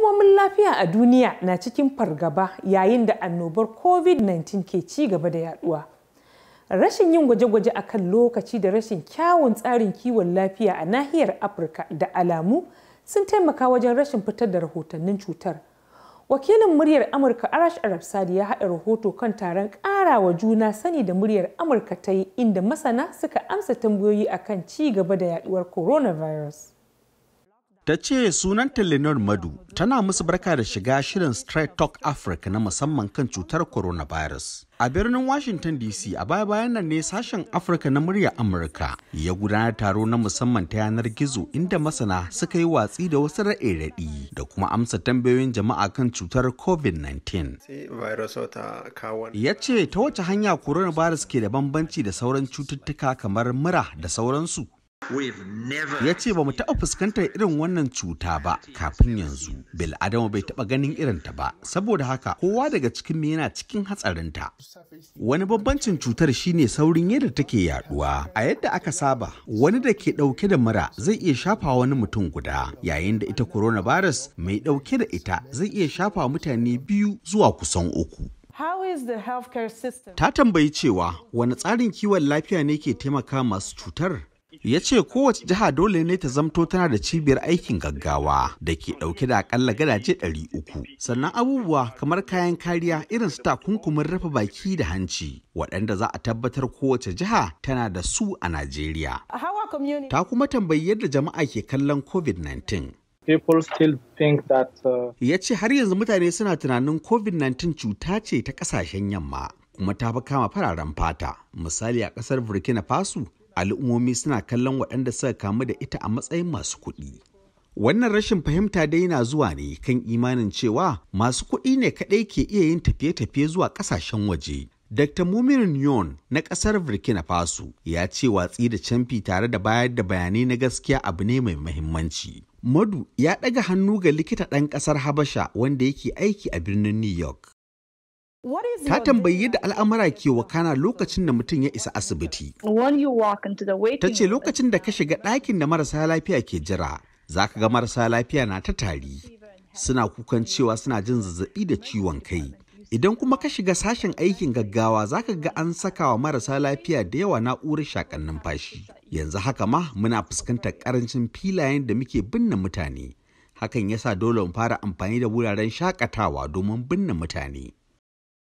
Hukumomin lafiya a duniya na cikin fargaba yayin da annobar COVID-19 ke ci gaba da yaduwa. Rashin yin gwaje-gwaje a kan lokaci da rashin kyawun tsarin kiwon lafiya a nahiyar Afirka da alamu sun taimaka wajen rashin fitar da rahotannin cutar. Wakilin muryar Amurka Arash Arabsadi ya haɗa rahoto kan taron ƙarawa juna sani da muryar Amurka ta yi inda masana suka amsa tambayoyi akan ci gaba da yaduwar coronavirus. ta ce sunan Lenore Madu tana musu barka da shiga shirin Straight Talk Africa na musamman kan cutar coronavirus. A birnin Washington DC a baya-bayan nan ne sashen Afirka na murya Amurka ya gudanar taro na musamman ta yanar gizo inda masana suka yi watsi da wasu raɗe-raɗi da kuma amsa tambayoyin jama'a kan cutar COVID-19. Ya ce ta wace hanya coronavirus ke da bambanci da sauran cututtuka kamar mura da sauransu. ya ce ba mu taɓa fuskantar irin wannan cuta ba kafin yanzu bil adamu bai taɓa ganin irin ta ba saboda haka kowa daga cikin mu yana cikin hatsarinta wani bambancin cutar shine saurin yadda take yaduwa a yadda aka saba wani da ke ɗauke da mura zai iya shafa wani mutum guda yayin da ita coronavirus mai ɗauke da ita zai iya shafa mutane biyu zuwa kusan uku Ta tambayi cewa wani tsarin kiwon lafiya ne ke taimaka masu cutar ya ce kowace jiha dole ne ta zamto tana da cibiyar aikin gaggawa da ke ɗauke da akalla gadaje 300 sannan abubuwa kamar kayan kariya irin su takunkumin rufe baki da hanci waɗanda za a tabbatar kowace jiha tana da su a najeriya ta kuma tambayi yadda jama'a ke kallon covid-19 uh, ya ce har yanzu mutane suna tunanin covid-19 cuta ce ta ƙasashen yamma kuma ta fi kama fararen fata misali a ƙasar burkina faso al'ummomi suna kallon waɗanda suka kamu da ita a matsayin masu kuɗi. Wannan rashin fahimta dai na zuwa ne kan imanin cewa masu kuɗi ne kaɗai ke iya yin tafiye-tafiye zuwa ƙasashen waje. Dr. Mumin Nyon na ƙasar Burkina Faso ya ce watsi da camfi tare da bayar da bayanai na gaskiya abu ne mai mahimmanci. Madu ya ɗaga hannu ga likita ɗan ƙasar Habasha wanda yake aiki a birnin New York. Ta tambayi yadda al'amura ke wakana lokacin da mutum ya isa asibiti. Ta ce lokacin da ka shiga ɗakin da marasa lafiya ke jira, za ka ga marasa lafiya na ta tari. Suna kukan cewa suna jin zazzaɓi da ciwon kai. Idan kuma ka shiga sashen aikin gaggawa za ka ga an saka wa marasa lafiya da yawa na'urar shakan numfashi. Yanzu haka ma muna fuskantar ƙarancin filayen da muke binne mutane. hakan yasa dole mu fara amfani da wuraren shakatawa domin binne mutane.